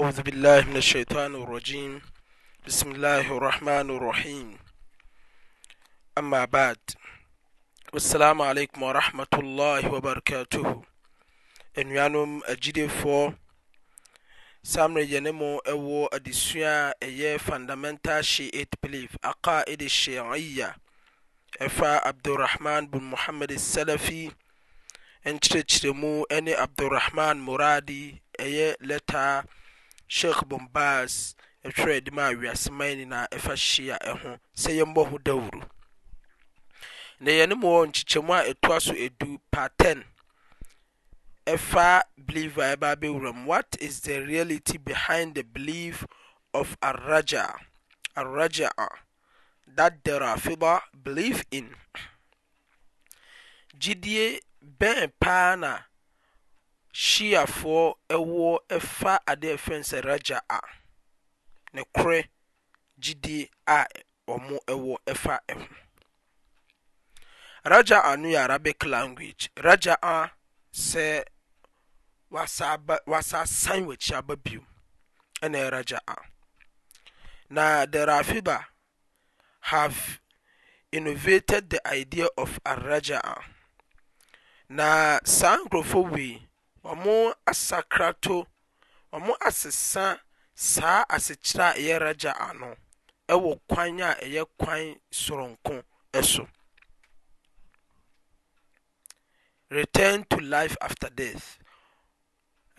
mn ia ris asalam likm wrahmtlh wabarakath nomagisam woeditiona yɛ fundamental sht aqaid shea fa adrahman bn mohamed salfi nkyerekyerem ne abdrahman moradi y lta shiikh bombas twerɛadi m awiaseman nyinaa ɛfa hyia ɛho sɛ yɛmbɔ ho dawuru ne yɛnomu wɔ nkyekyɛmu a ɛtua so ɛdu paten ɛfa blieve ɛbaa bwuram what is the reality behind the belief of araja araja tha derafibe believe ingidiebn paana shiafoɔ ɛwɔ ɛfa adeɛ afrɛ m sɛ raja a ne korɛ gyidie a ɔ mo ɛwɔ fa ɛho raja a no yɛ arabic language rajaa sɛ wɔasa san wɔakyi aba bio ɛne raja a na the rafiba have innovated the idea of arajaa na saan nkurɔfo wii wɔn asakrato wɔn asesa saa asekyerɛ a ɛyɛ ragya ano ɛwɔ kwan a ɛyɛ kwan soronko ɛso return to life after death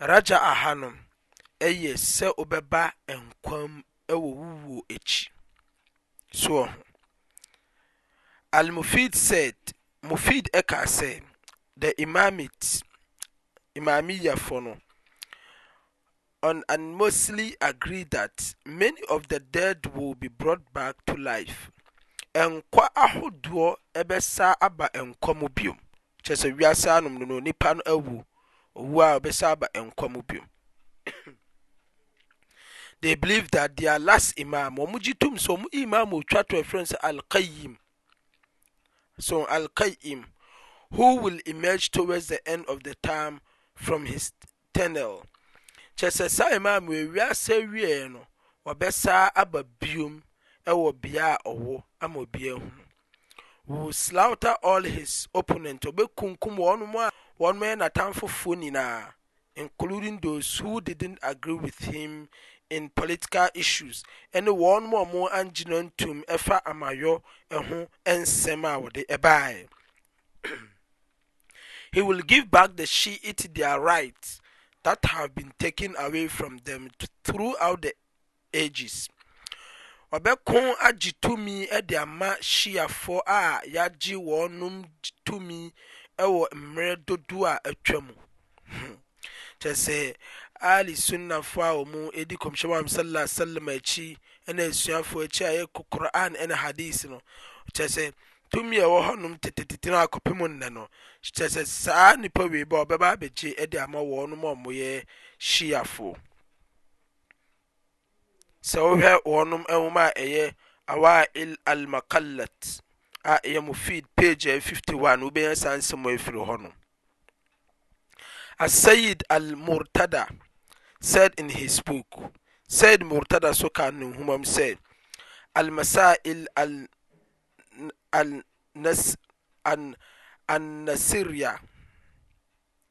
ragya ahanom ɛyɛ sɛ ɔbɛba nkwam ɛwɔ wuwuo akyi soɔ ho al-mufid said mufid ɛka sɛ the imamate imamiyafɔ no nunmosly agree that many of the dead will be brought back to life nkwa ahodoɔ bɛsa aba nkwa mu biom kyɛsɛ wiasaa nom nono nipa no awuɔwu a ɔbɛsa aba nka mu biom te believe tat the ar las imam ɔmugye tom sɛ ɔmu imam otwa to afrin sɛ alim so alkaim who will emerge towards the end of the time from his tunnel kyɛ sɛ saa imam ewia sɛ wie no wɔbɛsaa aba biom ɛwɔ bea a ɔwɔ ama obi ahu will slaughter all his opponent obekunkum wɔn a wɔn yɛ n'atamfofoɔ nyinaa including those who didn't agree with him in political issues ɛne wɔn a wɔn angyina ntum ɛfa amayɔ ɛho nsɛm a wɔde ɛbaeɛ will give back the shi it their right that have been taken away from them throughout the ages ɔbɛko agye tumi de ama hyiafɔ a yaagye wɔnom tumi wɔ mmerɛ dodoɔ a atwa mu hmm. kyɛ sɛ alesunnafɔ a wɔ mu ɛdi kɔmhyɛmu m slil slm akyi ne asuafo akyi a yɛkɔ kuran ne hadise no kyɛ sɛ tumiyɛ wɔ hɔnom teteeen akɔpemu nnɛ no ɛsɛ saa nnipa wii bɔ obɛbabgye de ama wɔɔnom moyɛ hyiafo sɛ wo hwɛ wɔɔnom wom a ɛyɛ awail almakalat ayɛ mofid pag 51 wobɛnasaa nsɛmu firi hɔ no asayid almurtada said in his book sayid murtada so ka ne nhomam sɛ almasail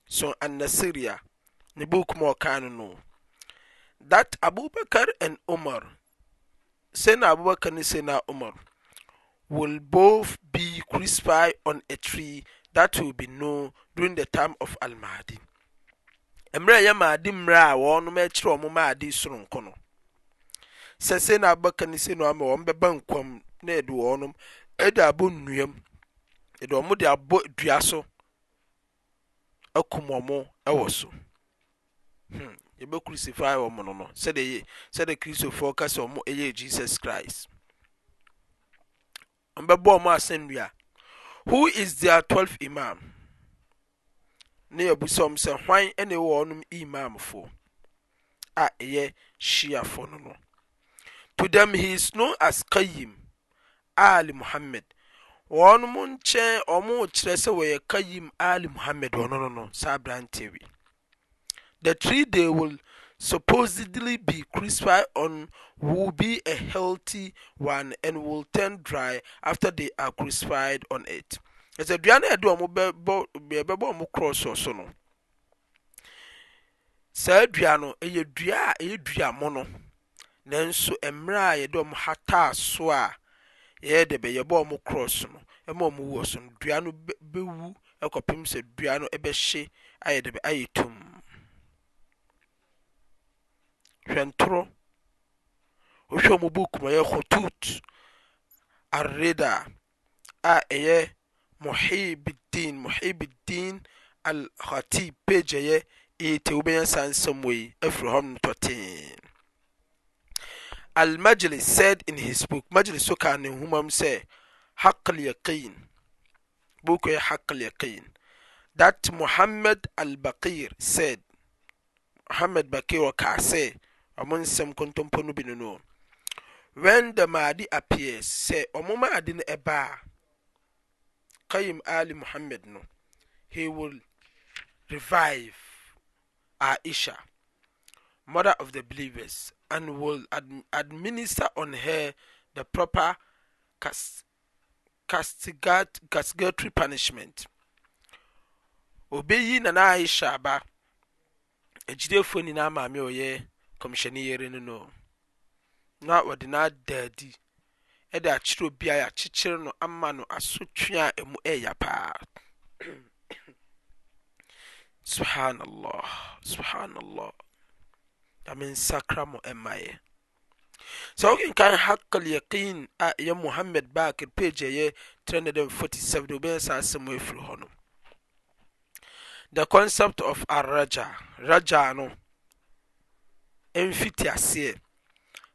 sanasiria nbkmkann that abobakar an mar sen abobakar no see noamar will both be crispi on a tree that will be kno during the time of almadi merɛ yɛ maade mmerɛ a wɔnom ɛkyerɛ ɔ m maade soronko no sɛ sena abobaka no seenoamaɔbɛba nkam nad wɔnom de abɔ nnua mu yɛde wɔn de abɔ dua so akum wɔn wɔ so hmm yɛbɛ crucify wɔn no no sɛdeɛ sɛdeɛ kristofoɔ kasa wɔn yɛ jesus christ wɔbɛbɔ wɔn asɛnnua who is their twelve imam ne yɛbusa wɔn sɛ hwan na ɛwɔ wɔn imamfoɔ a ɛyɛ shiafoɔ no no to them he is known as kayim ali muhammad ɔ no mo nkyɛ ɔmokyerɛ sɛ wɔyɛ ka yim ali mohamad ɔno no no saa berant i the tre day will supposedly be cruspied on wo bi a healthy one and woll turn dry after tdey are cruspied on it ɛsɛduan ɛdbɛbɔ mo krɔs so no saa duano ɛdaɛyɛduamo no nanso mmerɛayɛde m hatasoa yɛyɛ dɛ bɛ yɛbɔ ɔmo cross no ɛma ɔmo wu so no dua no bɛwu ɛkɔpem sɛ dua no ɛbɛhye ayɛ de bɛ ayɛ tum hwɛ ntoro wohwɛ ɔmo book mu ɛyɛ khutut arida a ɛyɛ muhibiddin muhibiddin al-khatib page ɛyɛ 80 wobɛnya saa nsɛm wɔ yi afiri hɔ nom tɔtee almajeles said in his book mageles so kaa nenhuma m sɛ haq alyakin buukɔ ɛ haqlyakin that mohamad albakir said mohamed bakir ɔkaa sɛ ɔmo nsɛm kɔntɔmpɔ no bino no ɔ wen the maadi appears sɛ ɔmo maadi no ɛbaa kayim ali mohamed no he will revive aisha mother of the believers and woll administer on her the proper castigatory punishment obɛyi nanaayɛ hyɛ aba agyidefo nnyinaa maame ɔyɛ cɔmisyɛneyeri no no na ɔde naadaadi ɛde akyerɛbiaea kyekyere no ama no asotwea a mu ya paa shanlhsanlh krsɛ wokkan hakl yaqin a yɛ mohamed bakr page yɛ t47saasɛm f hɔ no the concept of araaraja no fitiaseɛ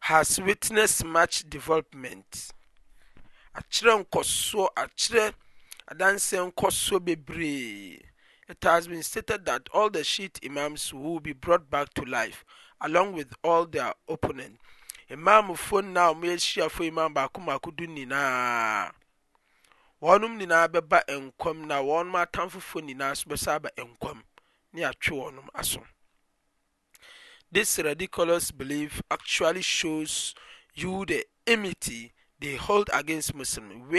has witness match development akyerɛ nksoɔakyerɛ adanseɛ nkɔsoɔ bebree it has been stated that all the sheet imams wol be brought back to life alwith altheir opponent mmaamfo nmhyiafoimbaakmakod nyinaa ɔnomnyinaa bɛba nkm na ɔnom atamfofo nyinaa so bɛsa ba nkm ne atwe wɔnom aso this radiculous belief actuall shows ou the emity hld agins muslm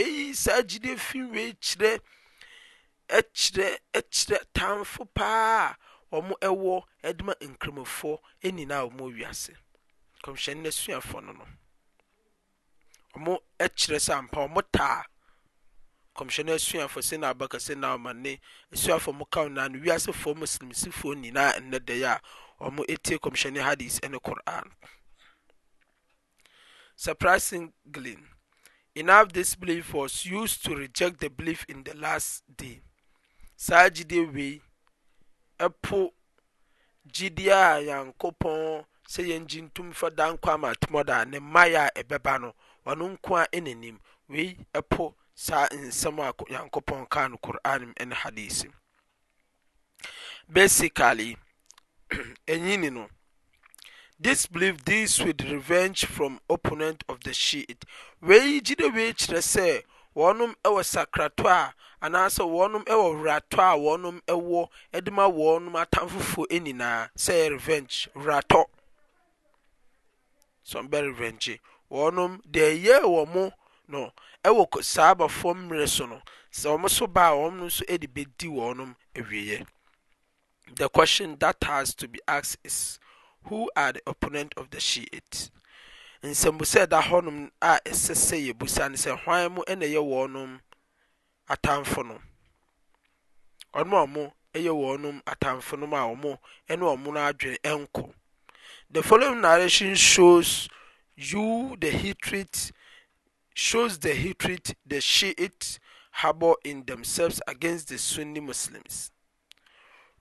saagyidefkkkrɛtamfo paa wɔn ɛwɔ ɛde nkramofoɔ nyinaa a wɔn wiase kɔmhyɛn n'asuafoɔ no no wɔn kyerɛ sɛ ampa wɔn taa kɔmhyɛn n'asuafoɔ sɛ na abaka sɛ na ɔman ne asuafoɔ mo kaw na no wiasefoɔ muslimsifoɔ nyinaa nnɛ a wɔn etie kɔmhyɛn hadis ne koran surprisingly enough disbelief was used to reject the belief in the last day saa gyide wei. ɛpo gyidie a nyankopɔn sɛ yɛngye ntom fa da nkwa ama atomɔda a ne mmayɛ a ɛbɛba no wɔno nko a ɛnanim wei ɛpo saa nsɛm a nyankopɔn kaa no qur'an mu ne hadisi basically ɛnyini no disbelief this with revenge from opponent of the shiit wei gyide wei kyerɛ sɛ wɔnom wɔ sakratɔ a anaasɛ wɔnom wɔ wuratɔ a wɔnom wɔ de ma wɔnom atamfofoɔ nyinaa sɛ revenge wuratɔ some bɛ revenge wɔnom deɛ ɛyɛ wɔn mo no ɛwɔ saa abɔfoɔ mmerɛ so no sɛ wɔn so baa wɔn nso de bɛdi wɔnom awieɛ the question that has to be asked is who are the opponent of the shiite nsɛm sɛ ɛda hɔnom a ɛsɛsɛ yɛbusa ne sɛ hwan m nayɛ wɔɔnom atamfonomyɛ wɔnom atamfonom a ɔmnmonoadwenenkɔ the folloim narration shows the heatrit the sheet harbo in themselves against the sunny muslims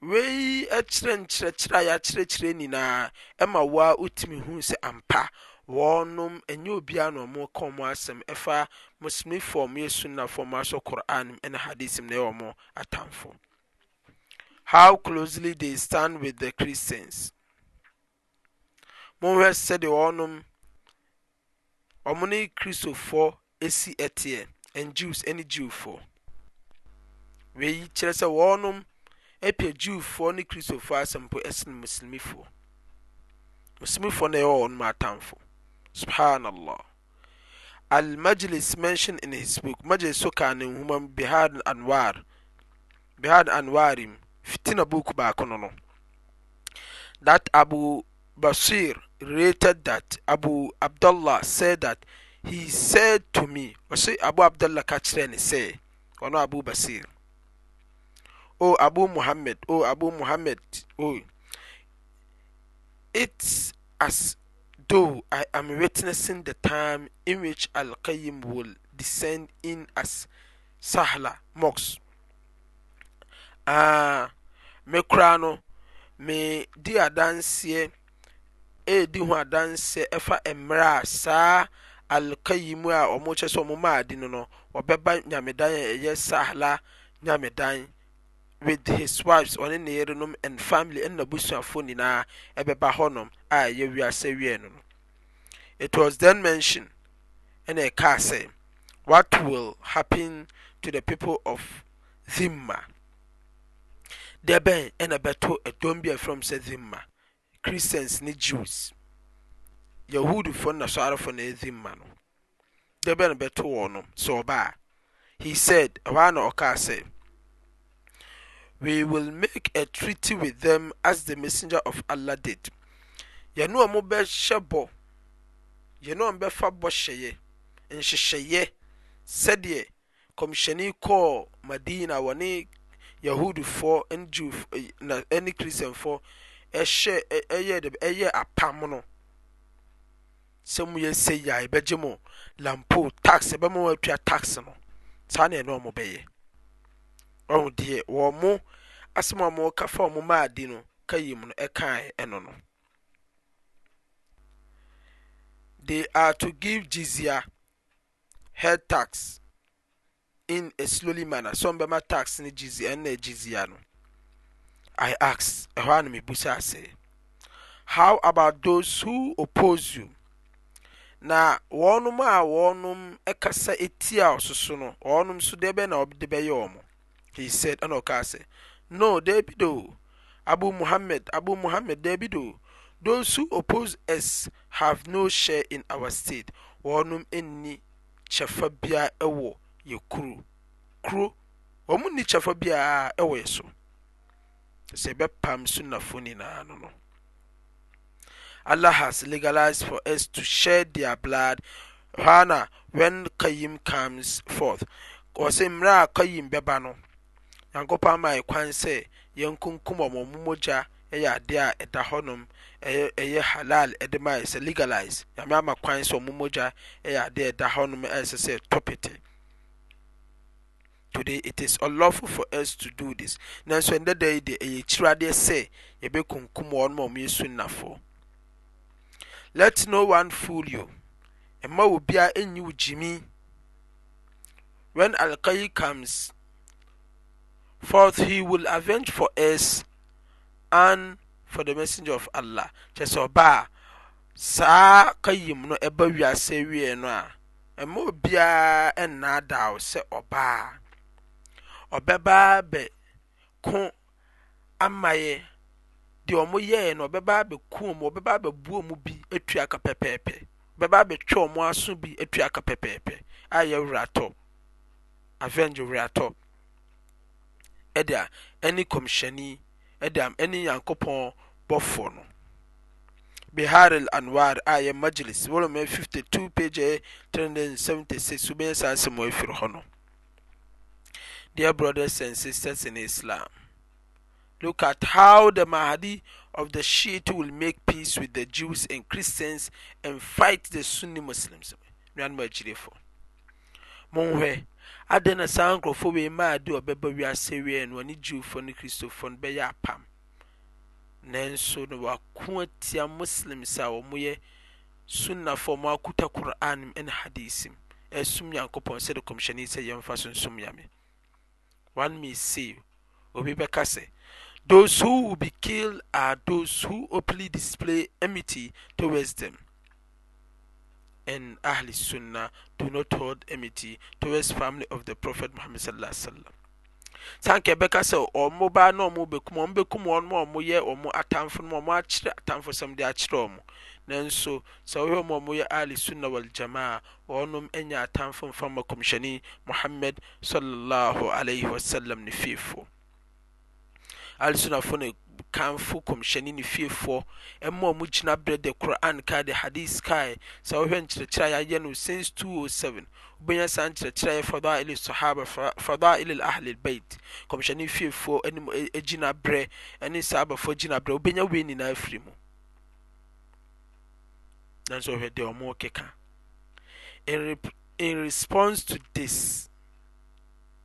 wei kyerɛ nkyerɛkyerɛ a yɛakyerɛkyerɛ nnyinaa ma woa otumi huu sɛ ampa wɔnom nyɛ obiano ɔm kɔnmu asɛm ɛfa muslimifɔ mu yɛ su nnafoɔ m asɔ kuran m ne hadis m na ɛwɔ mɔ atamfo how closely they stand with the christians mohwɛ sɛdeɛ nom ɔmo no kristofɔ si teɛ n jews ane jewfoɔ wei kyerɛ sɛ wɔ nom pia jiwfɔ ne kristofoɔ asɛm po ɛseno muslimifoɔ muslmifoɔ nɛnf subhanallah al-majlis mentioned in his book majlis suka ne human bihar anwar bihar anwarim fitina book that abu basir rated that abu abdullah said that he said to me ɔsɛ abu abdullah ka kyerɛ ne sɛ ɔno abu basir o oh, abu muhammad o oh, abu muhammad o oh. it's as though I am witnessing the time in which Al Qayyim will descend in as Sahla Mox. Ah, me koraa me di adanseɛ e ho adanseɛ ɛfa e mmerɛ a saa Al Qayyim a wɔn kyɛ sɛ wɔn maa adi no no wɔbɛba nyamedan a e Sahla nyamedan. with his wives ɔne ne yerenom and family ɛna busuafo nyinaa ɛbɛba hɔnom a ɛyɛ wiase wie no no it was then mentioned ɛna ɛkaa sɛ what will happen to the people of zimma deɛ bɛn ɛna bɛto ɛdɔm bi a ɛfrɛm sɛ zimma christians ne jews yahudifo na sɔarefo na zimma no deɛ bɛn na bɛto wɔn no sɛ ɔbaa he said ɛhɔ a na ɔkaa sɛ we will make a treaty with them as the messenger of Allah did yɛne ɔmo bɛhyɛ bɔ yɛne ɔmo bɛfa bɔ hyɛyɛ nhyehyɛyɛ sɛdeɛ kɔmhyɛni kɔɔ madina wɔne yahudifoɔ ɛne jew na ɛne kristianfoɔ ɛhyɛ ɛyɛ de ɛyɛ apam no sɛ mo yɛ sɛ ɛbɛgye mo lampo tax ɛbɛma wɔn atwa tax no saa na yɛne ɔmo bɛyɛ. deɛ ɔmo asm mokafa mo maadi no ka yimu no ɛka ɛno no the are to giv gisea hear tax in a sloly maner somebɛma tax no ɛnna gisea no i a ɛhɔ anombusa asɛ how about those who oppose you na wɔɔnom a wɔɔnom kasa tia ɔsoso no ɔnom so deɛ bɛ na ɔde bɛyɛ ɔm he said ɛna ɔkaa sɛ no david do. abu muhammad abu muhammad david do. those who oppose us have no share in our state wɔnom nni kyɛfa biara ɛwɔ yɛ kuro kuro wɔn nni kyɛfa biara ɛwɔ yɛ so sɛ ɛbɛpam sunnafo nyinaa no no Allah has legalized for us to shed their blood hana when Qayyim comes forth. Wɔsɛ mmerɛ a Qayyim bɛba no nyankopɔn ama yɛ kwan sɛ yɛnkunkum wɔn mogya yɛ adeɛ a ɛda hɔnom ɛyɛ ɛyɛ halal ɛde ma yɛ sɛ legalize nyame ama kwan sɛ wɔn mogya yɛ adeɛ a ɛda hɔnom ɛsɛ sɛ ɛtɔ pete today it is unlawful for us to do this nanso ɛnda da yi deɛ ɛyɛ kyiradeɛ sɛ yɛbɛkunkum wɔn ma wɔn yɛ sunnafoɔ let no one fool you ɛma obiara ɛnyi wo gyimi when alkai comes Fourth, he will avenge for us and for the messenger of Allah. Kyɛ sɛ ɔbaa saa kayim no ɛba wiase wie no a ɛmo biara ɛnnaadaaw sɛ ɔbaa. Ɔbɛbaa bɛ ko amayɛ deɛ ɔmo yɛɛ no ɔbɛbaa bɛ ko mu ɔbɛbaa bɛ bu ɔmo bi etua ka pɛpɛɛpɛ ɔbɛbaa bɛ twɛ ɔmo aso bi etua ka pɛpɛɛpɛ a yɛ wura tɔ avenge wura tɔ ɛda ɛne kɔmhyɛni ɛda ɛne nyankopɔn bɔfoɔ no bihar al-anwar a yɛ majlis wɔlɔm yɛ 52 page yɛ 376 wobɛyɛ saa asɛm afiri hɔ no dear brothers and sisters in islam look at how the mahdi of the shiite will make peace with the jews and christians and fight the sunni muslims nuanom agyirefo monhwɛ adɛn na saa nkurɔfoɔ wei maa de ɔbɛba wiase wie no ɔne jewfoɔ ne kristofoɔ no bɛyɛ apam nanso no wako atia muslims a wɔyɛ sunnafoɔ mo akuta qur'an ne hadis m nyankopɔn sɛde kɔmhyɛne sɛ yɛmfa so nsom yame one may say obi bɛka sɛ those who will be killed are those who openly display enmity towards them and Ahli Sunnah do not hold enmity towards family of the Prophet Muhammad sallallahu alaihi wasallam. sanke bɛka sɛ ɔmo ba na ɔmo bɛkum ɔmo bɛkum wɔn mo ɔmo yɛ ɔmo atamfo no ɔmo akyerɛ atamfo sɛm de akyerɛ ɔmo nanso sɛ ɔhwɛ ɔmo ɔmo yɛ ali sunna wal jamaa ɔnom ɛnyɛ atamfo mfama kɔmhyɛni muhammad sallallahu alaihi wasallam ne fiefo alsunafo no kanfo kɔmhyɛne ne fiefoɔ ɛma ɔmo gyina berɛ de quran ka de hadis kae sɛ wohwɛ nkyerɛkyerɛ a yɛayɛ no since 207 wobɛnya saa nkyerɛkyerɛ a yɛ fadail sahaba fadail ahl bait kɔmhyɛne fiefoɔ anim e, e, gyina berɛ ne saabafoɔ gyina berɛ wobɛnya wei nyinaa firi mu nanso wohwɛ deɛ ɔmo keka in, in response to this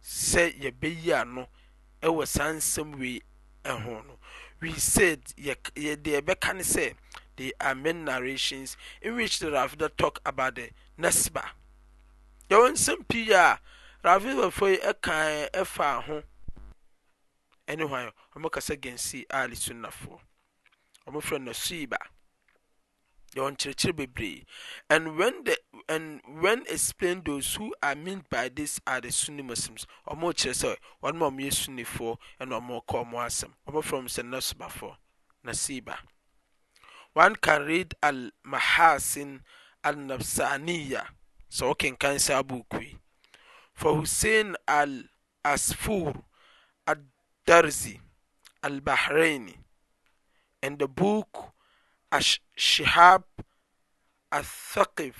sɛ yɛbɛyi ano ɛwɔ saa nsɛm wei ɛho no we said yɛde ɛbɛka ne sɛ they are many narrations in which the Ravida talk about the nasba yɛwɔ nsɛm pii a ravidafo yi ɛkan ɛfa ho ɛne hwan ɔmo kasa gɛnsi ali sunnafoɔ ɔmo frɛ no nasuiba yɛwɔ nkyerɛkyerɛ bebree and when the and when explain those who are meant by this are the sunni muslims ɔmo kyerɛ sɛ wɔn mu a wɔyɛ sunnifoɔ ɛna ɔmo kɔ ɔmo asɛm ɔmo from sɛ nasubafoɔ nasiba one can read al mahasin al nafsaniya sɛ ɔkenkan say buuku yi for hussein al asfur al darzi al bahraini and the book الشهاب الثقب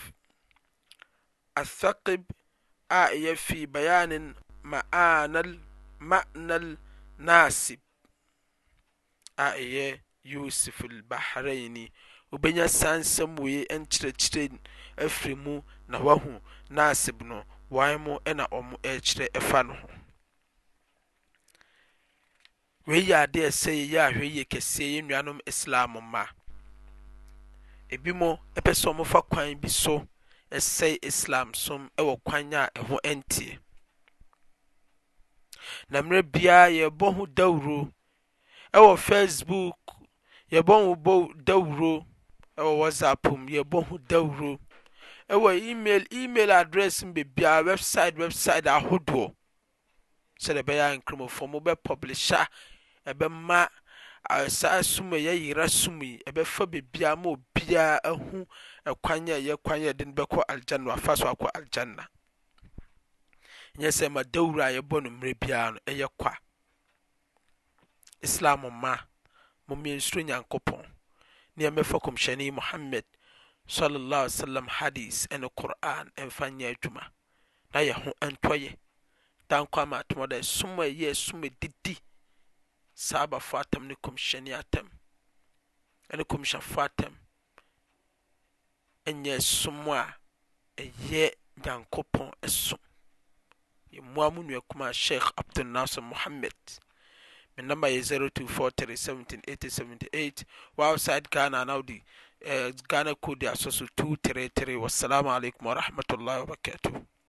الثقب آية في بيان معنى المعنى الناسب آية يوسف البحريني وبنيا سانسم وي انkyerɛkyerɛ afiri mu na wahu nasib no wɔn mu na wɔn ɛrekyerɛ ɛfa no ho wei yɛ adeɛ ɛsɛ yɛ ahwɛ yie kɛseɛ yɛ nuanom islam mmaa ebi mo pɛ sɛ ɔmo fa kwan bi so ɛsɛe islam som ɛwɔ kwan a ɛho ɛnteɛ na mmerɛ biara yɛbɔ ho dawuro ɛwɔ facebook yɛbɔ ho dawuro ɛwɔ whatsapp mu yɛbɔ ho dawuro ɛwɔ email email address mu bebiara website website ahodoɔ sɛdeɛ ɛbɛyɛ a nkurɔfoɔ mo bɛ publisha ɛbɛma saa sum yɛ yera sumyi bɛfa bebiaa maɔ biaa ahu kwaɛydenkɔ aljana ɔafas akɔ aljanna yɛ sɛ ma dawurɛ a yɛbɔ no mmerɛ biara no yɛ kɔa islam ma mɛ nsuro nyankopɔn ne ymɛfa kɔmhyɛne yi mohammed sslm hadis ne qor'an mfa nyɛ adwuma na yɛho ntydmtodsy s dii saba fatem nikmshaniatem ni kumsafatem eye suma ye dakuppon sum ema muniekuma shekh abdunaser muhammed mennamber ye 024317 1878 sid gaanad ganakodi eh, asasu 233 wasalamu aleikum warahmatullahi wabarakatuh